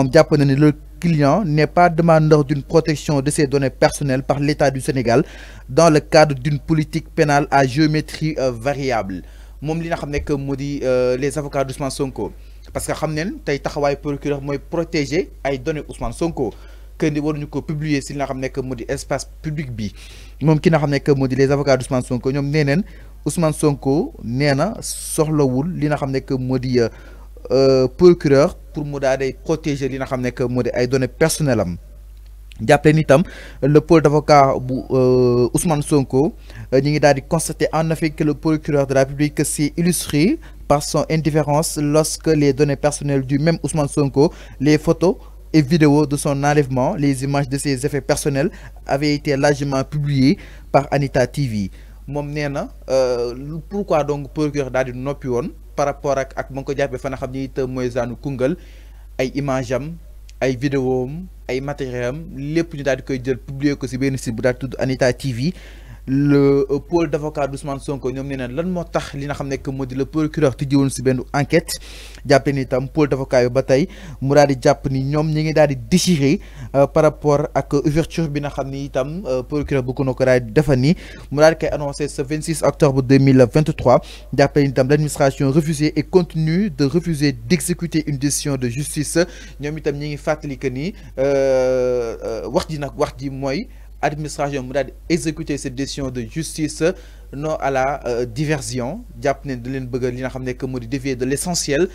le client n'est pas demandeur d'une protection de ses données personnelles par l'État du Sénégal dans le cadre d'une politique pénale à géométrie euh, variable moom li nga xam euh, les avocats d'Ousmane Sonko parce que xam neen tey taxawaay procureur mooy protéger ay données Ousmane Sonko que ni waruñu ko publier si li espace public bi moom ki les avocats d'Ousmane Sonko ñoom nee Ousmane Sonko nee na soxlawul li nga xam nekk que di euh, procureur pour protéger les données personnelles le pôle d'avocat euh, Ousmane Sonko euh, ñi ngi constater en effet que le procureur de la République s'est illustré par son indifférence lorsque les données personnelles du même Ousmane Sonko les photos et vidéos de son enlèvement les images de ses effets personnels avaient été largement publiées par Anita TV euh, pourquoi donc procureur daldi nopi par rapport ak ak moo ko jàppee fana xam ni itam mooy zaanu Koungheul ay image am ay vidéo am ay matériel lépp ñu daal di koy jël publier ko si benn site bu daal tudd Anita TV le pôle d'avocat d'Ousmane Sonko ñom nee lan mo tax li nga xamné que moo le procureur tijji won ci benn enquête jappé ni tam pôle d'avocat yi ba tey mu daal japp ni ñom ñi ngi daal di déchiré euh, par rapport ak ouverture bi nga xam tam euh, procureur bu ko daal di defa ni mu daal kay annoncer ce 26 octobre 2023 jàppe ni itam l'administration refusé et continue de refuser d'exécuter une décision de justice ñom itam ñi ngi fatali que ni euh, euh wax di nak wax di moy administration mu exécuter cette décision de justice non à la euh, diversion diapne de len leen li nga xamné que modi dévier de l'essentiel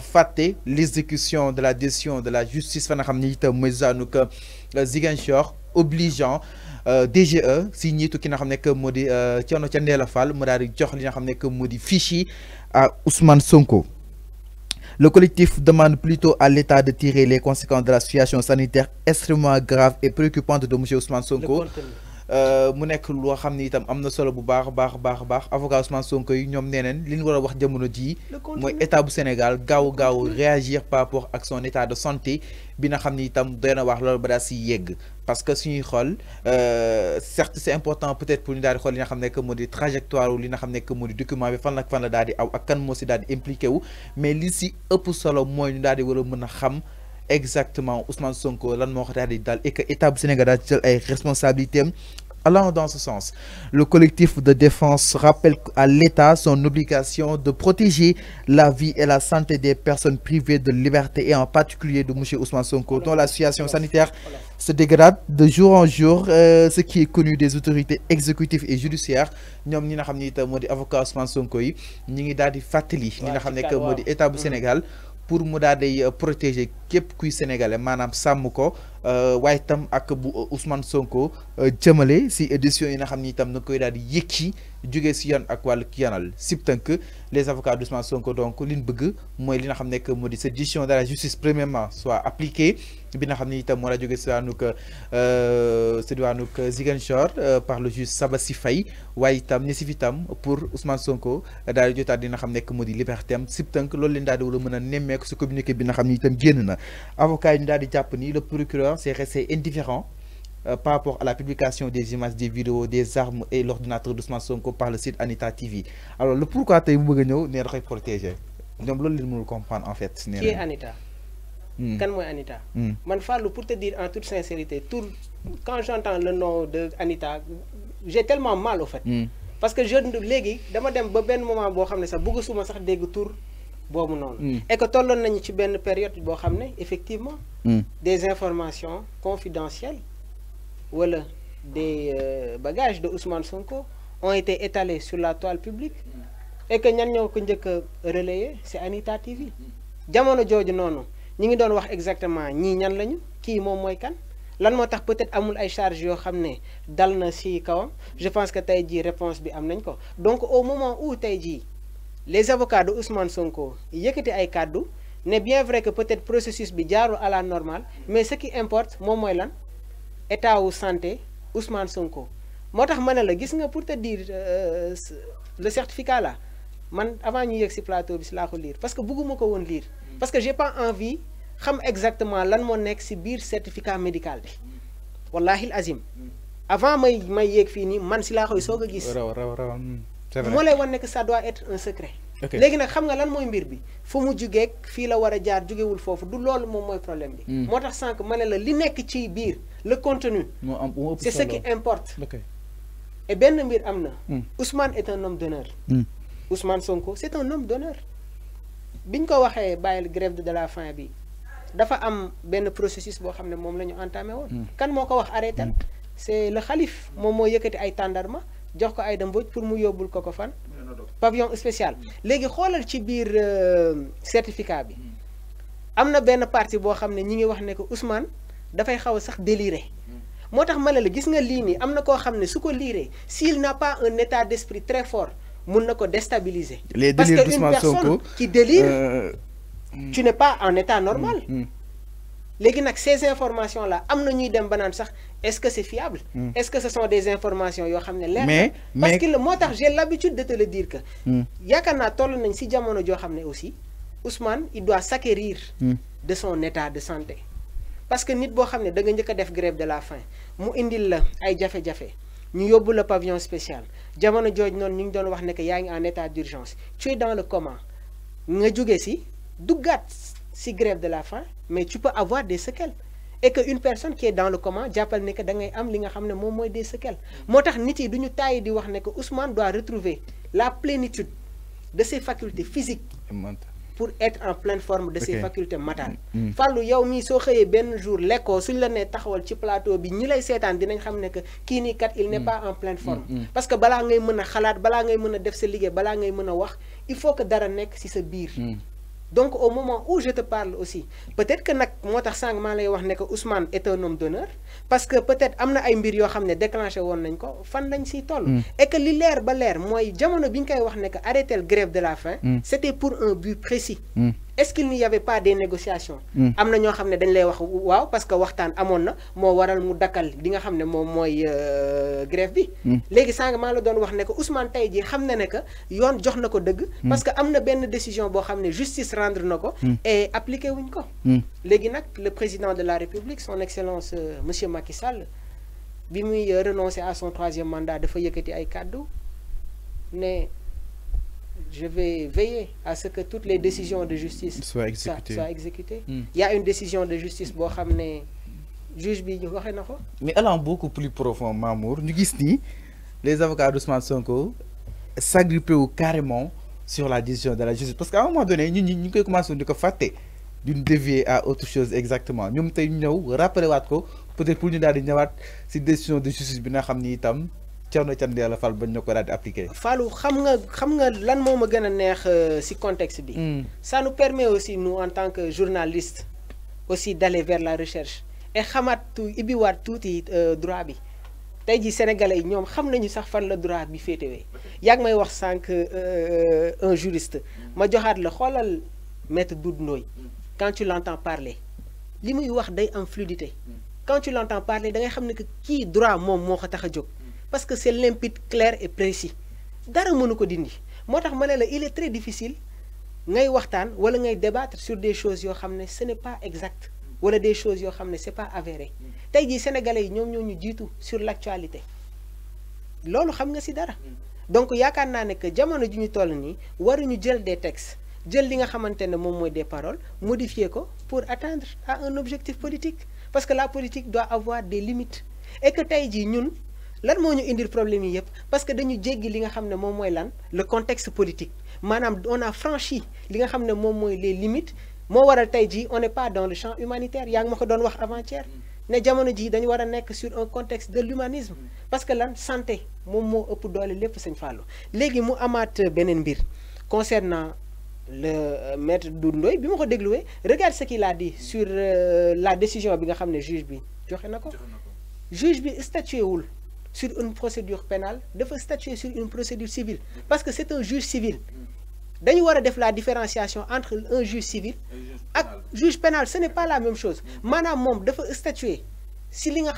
faté l'exécution de la décision de la justice fa nga xam ne itam que euh, Ziguinchor obligeant euh, DGE signé tout ki n'a xam que modi di Thierno Thiendella Fall fal daal jox li nga xamné que modi fichi à Ousmane Sonko. Le collectif demande plutôt à l'État de tirer les conséquences de la situation sanitaire extrêmement grave et préoccupante de M. Ousmane Sonko. Euh, mu nek lo xamni itam amna solo bu baax baax baax baax avocat Ousmane Sonko yi ñom nenen neen wara wax jëmono ji moy état bu Sénégal gaaw gaaw réagir par rapport ak son état de santé bi nga xamni itam doy wax loolu ba daal ci yegg parce que suñuy euh certes c'est important peut-être pour ñu daal xol li nga xamne que modi trajectoire trajectoire li nga xamne que modi document bi fan nak fan la daal di aw ak kan mo si daal di impliqué wu mais li ci ëpp solo moy ñu daal di war a xam exactement Ousmane Sonko lan mo xata daal di daal et que état du Sénégal daal ci jël ay responsabilités allant dans ce sens. Le collectif de défense rappelle à l'État son obligation de protéger la vie et la santé des personnes privées de liberté et en particulier de M. Ousmane Sonko, dont la situation sanitaire se dégrade de jour en jour, euh, ce qui est connu des autorités exécutives et judiciaires. Nous avons Ousmane nous Fateli, du Sénégal pour protéger euh, waaye tam ak bu euh, Ousmane Sonko euh, jëmale si édition yi nga xamni tam itam koy daal di yëkki jógee si ak wal ki yanal les avocats d'Ousmane Sonko donc li ñu bëgg li nga xamné que modi cette décision de la justice premièrement soit appliquée bi nga tam mo la moo la jógee euh diwaanug si Zigan Ziguinchor par le juge Sabassi Faye waaye tam ni si pour Ousmane Sonko daal di jotaat di nga xam que modi liberté am sib tënk loolu leen di war a mën communiqué bi nga xam ne na avocat yi ñu di japp ni le procureur Instagram, c'est resté indifférent euh, par rapport à la publication des images, des vidéos, des armes et l'ordinateur d'Ousmane Sonko par le site Anita TV. Alors, le pourquoi tu es venu protéger Donc, nous ne comprendre en fait. Qui est Anita mm. Quand moi Anita hmm. Man fallu pour te dire en toute sincérité, tout, quand j'entends le nom de Anita, j'ai tellement mal au fait. Hmm. Parce que je, je suis moment souvent ça suis non hmm. et que tolloon nañu ci période où xam effectivement. Hmm. des informations confidentielles wala des euh, bagages de Ousmane Sonko ont été étalés sur la toile publique et que ñan ñoo relayé c'est Anita TV jamono jooju noonu ñi ngi doon wax exactement ñii ñan lañu kii moom mooy kan. lan motax peut-être amul ay charges yo xamné dalna dal ci kawam je pense que tey jii réponse bi am nañ ko donc au moment où tey dit les avocats de Ousmane Sonko des ay Il est bien vrai que peut-être processus bi jaarul à la normale mais ce qui importe c'est moy lan état ou santé Ousmane Sonko motax tax gis nga pour te dire euh, euh, le certificat là man avant ñu yegg ci plateau bi si ko lire parce que je ko lire parce que j'ai pas envie xam exactement ce que nekk ci biir certificat médical bi wallahi azim avant may may je fii man si la koy gis. Hmm. Mole lay wan ça doit être un secret Légui nak xam nga lan moy mbir bi fu mu jugeeg fi la wara jaar jugewul fofu du loolu mom moy problème bi hmm. motax sank manela ne li nek ci bir le contenu c'est ce qui importe et ben mbir amna na hmm. Ousmane est un homme d'honneur hmm. Ousmane Sonko c'est un homme d'honneur biñ ko waxee bàyyil grève de la faim bi dafa am ben processus bo xam mom lañu la ñu entamé kan moko wax arrêtal c'est le khalife mom moo yëkëti ay tandarma jox ko pour pavillon spécial qui euh, certificat bi Ousmane s'il n'a pas un état d'esprit très fort déstabiliser parce que personne qui délire euh, hmm. tu n'es pas en état normal hmm, hmm léegi ces informations là ñuy est-ce que c'est fiable. Hmm. est-ce que ce sont des informations qui sont ne. parce que le tax j'ai l'habitude de te le dire que. Hmm. yaakaar naa a nañ jamono aussi Ousmane il doit s'acquérir hmm. de son état de santé. parce que nit boo xam ne da nga grève de la faim mu indil la ay jafe-jafe ñu la pavillon spécial jamono jooj noonu ñu ngi wax que en état d'urgence tu es dans le coma nga jóge si, duggaat si grève de la faim mais tu peux avoir des séquelles et que une personne qui est dans le coma j'appelle, ne que da ngay am li des séquelles moo niti nit yi du di Ousmane doit retrouver la plénitude de ses facultés physiques pour être en pleine forme de ses facultés matales mm, mm. Fallu yow mi soo xëyee jour l'éco suñ la né taxawal ci plateau bi ñi lay sétane dinañ xam que kii kat il n'est mm. pas en pleine forme parce que bala ngay mën xalat bala ngay mën def sa bala ngay wax il faut que dara nek ci sa donc au moment où je te parle aussi peut-être que nag que Ousmane est un homme d'honneur parce que peut-être amn'a ay mbir yo xamné déclenché fan lañ toll mm. et que li leer ba leer moy jamono biñ kay grève de la faim mm. c'était pour un but précis mm est-ce qu'il n'y avait pas des négociations hmm. am na ñoo xam dañ lay wax waaw parce que waxtaan amon na mo waral mu dakal li nga xamné ne moy euh, grève bi hmm. légui sang ma la doon wax né que Ousmane tey ji xamné né que yoon jox hmm. parce que amna ben décision bo xamné justice rendre nako et appliquer wuñ ko légui nak le président de la République son excellence euh, monsieur Macky Sall bi muy euh, renoncer à son troisième mandat dafa yëkëti ay cadeau né je vais veiller à ce que toutes les décisions de justice soient exécutées. Hmm. Il y a une décision de justice pour ramener juge bi ñu mais allant beaucoup plus profond Mamour nous gis que les avocats d'Ousmane Sonko s'agrippent carrément sur la décision de la justice parce qu'à un moment donné nous nous koy commencé à d'une dévier à autre chose exactement Nous avons nous rappelé waat peut-être pour ñu nous di décision de justice bi nga amenée. Thierno Thiam yàlla Fall bañ ko daal di appliqué. xam nga xam nga lan neex ci euh, contexte bi. Hmm. ça nous permet aussi nous en tant que journalistes aussi d'aller vers la recherche et xamaat tu war tuuti euh, droit bi tay jii sénégalais ñom xam nañu sax fan la droit bi fété wé yag may wax sank euh, un juriste ma joxat la xolal maître Doudou Ndoye quand tu l'entends parler limuy wax day am fluidité quand tu l'entends parler da ngay xam ne que ki droit mom moko ko parce que c'est limpide clair et précis dara mënu ko dindi Motax tax il est très difficile ngay waxtaan wala ngay débattre sur des choses qui ne ce n'est pas exact wala des choses yo ne c'est pas avéré tey sénégalais ñom sont ñoo ñu tout sur l'actualité Lolu xam nga ci dara donc yaakaar naa ne que jamono ji ñu toll waru ñu jël des textes jël li nga ne des paroles modifier ko pour atteindre à un objectif politique parce que la politique doit avoir des limites et que tey jii ñun lan moo ñu indil problème yi yëpp parce que dañu jéggi li nga xam ne moom mooy lan le contexte politique maanaam on a franchi li nga xam ne moom mooy les limites moo waral tey jii on est pas dans le champ humanitaire yaa ngi ma ko doon wax avant-hier mm. ne jamono ji dañu war a nekk sur un contexte de l'humanisme mm. parce que lan santé moom moo ëpp doole lépp sëñ Fallou léegi mu amaat beneen mbir concernant le euh, maître Doudou Ndoye bi ma ko dégluwee regarde ce qu'il a dit sur euh, la décision bi nga xam ne juge bi joxe na ko juge bi statué wul sur une procédure pénale faut statuer sur une procédure civile parce que c'est un juge civil Il faut faire la différenciation entre un juge civil un juge pénal ce n'est pas la même chose maintenant faut statuer si li nga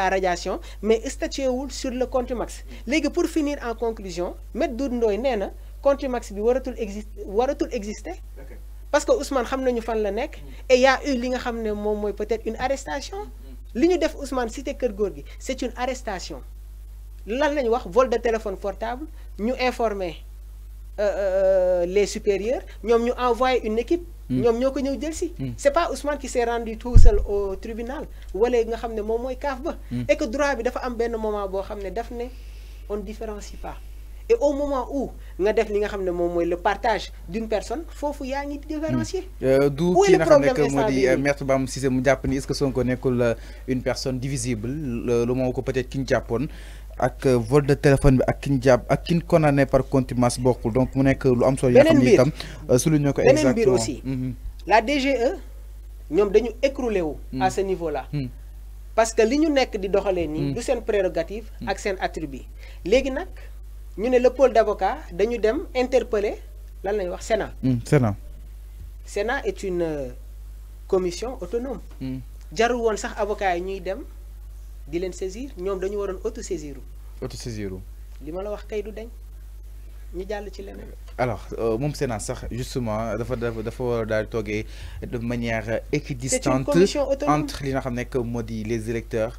la radiation mais statuer sur le contumace léegi pour finir en conclusion Maître Doudou Ndoye nee na contumace bi exister tout exister parce que Ousmane xam fait fan la nekk mm. et y a eu peut-être une arrestation mm. Ce def Ousmane c'est une arrestation Nous avons vol de téléphone portable informer euh, euh, euh, les supérieurs Nous avons envoyé une équipe. Nous avons dit jël hmm. c'est pas Ousmane qui s'est rendu tout seul au tribunal hmm. et que droit bi dafa am moment on différencie pas et au moment où nga def li nga xam mom moy le partage d'une personne fofu ya ngi différencier. Hmm. Euh, du kii nga xam ne que moo di euh, maître Bamba Cissé mu japp ni est-ce que Sonko nekul euh, une personne divisible le moment ko peut-être kiñ ñu ak vol de téléphone bi ak kiñ japp ak kiñ ñu condamné par contumace bokul donc mu nek lu am solo. ya xam ne itam souligné exactement beneen aussi. Hmm, hmm. la DGE ñom dañu écroulé wu. à ce niveau là. parce que li ñu nekk di doxalee nii. du sen prérogative. ak sen attribut légui nak ñu ne le pôle d' dañu dem interpeller lan la wax Sénat. Hmm, Sénat. Sénat est une euh, commission autonome. Hmm. jarul won sax avocat ñuy dem di len saisir ñom dañu waron auto saisir. auto saisir. li la wax kay du dañ ñu jall ci leneen. alors euh, mom Sénat sax justement dafa dafa dafa dal togué de manière équidistante entre li nga xam nekk moo les électeurs.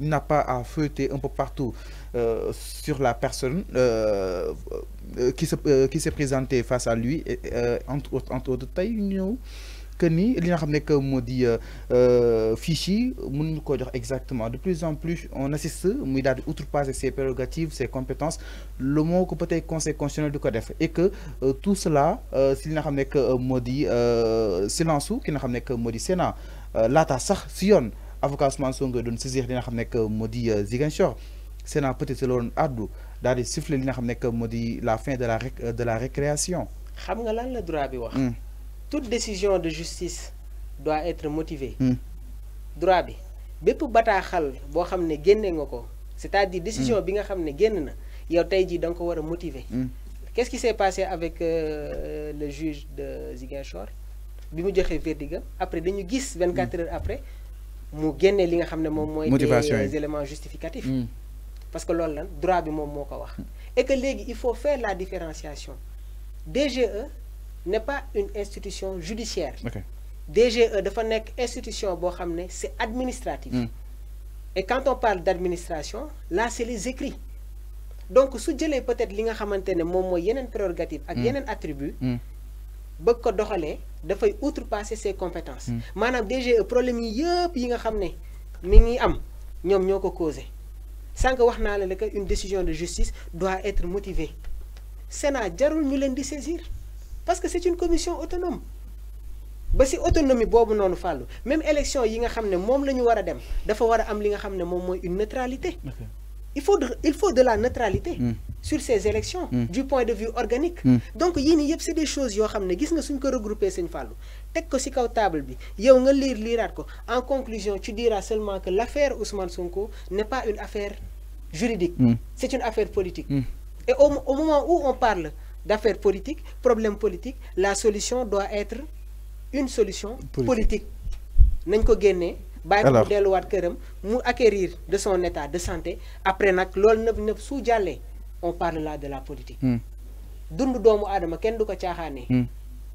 n'a pas à feuilleter un peu partout euh, sur la personne euh, euh, qui s'est qui s'est présentée face à lui entre autres entre autres de que ni que modi fichier exactement de plus en plus on assiste mais d'autres pas ses prérogatives ses compétences le mot que peut-être conseil constitutionnel ko et que tout cela s'il n'a pas que modi qui silence qui nga xam que modi Sénat sax avocat Ousmane Sonko doon saisir li nga xam nekk moo euh, Ziguinchor Sénat peut-être la addu daal di siffler li nga xam nekk la fin de la euh, de la récréation. xam nga lan la droit bi wax. Hmm. toute décision de justice doit être motivée. Hmm. droit bi bépp bata boo bo xamné génne nga ko c'est-à-dire décision hmm. bi nga xamné ne génn na yow tay ji da ko qu'est-ce qui s'est passé avec euh, le juge de Ziguinchor bi mu fait verdict après dañu gis 24 heures après des euh, éléments justificatifs mm. parce que droit mm. et que il faut faire la différenciation DGE n'est pas une institution judiciaire DGE institution bo c'est administratif mm. et quand on parle d'administration là c'est les écrits donc su jëlee peut-être li nga et prérogative ak attribut bëgg ko outrepasser ses compétences. Hmm. maanaam DGE problème yëpp yi nga ne am causé wax que une décision de justice doit être motivée Sénat jarul ñu saisir parce que c'est une commission autonome ba autonomie même élection yi nga une neutralité il faut de, il faut de la neutralité hmm. sur ces élections hmm. du point de vue organique hmm. donc il y a c'est des choses qui ne nga suñ en conclusion tu diras seulement que l'affaire Ousmane Sonko n'est pas une affaire juridique c'est une affaire politique et au, moment où on parle d'affaires politiques problème politique la solution doit être une solution politique nagn ko bàyyi ko mu mu acquérir de son état de santé après nak lool neuf nëb su jallé on parle là de la politique hmm. dund doomu adama ken duko ko hmm.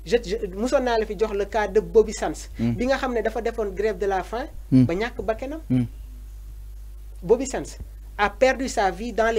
je mosoon la fi jox le cas de Bobby Sands hmm. bi nga xamné dafa defoon grève de la faim ba ñak bakkenam Bobby Sands a perdu sa vie dans les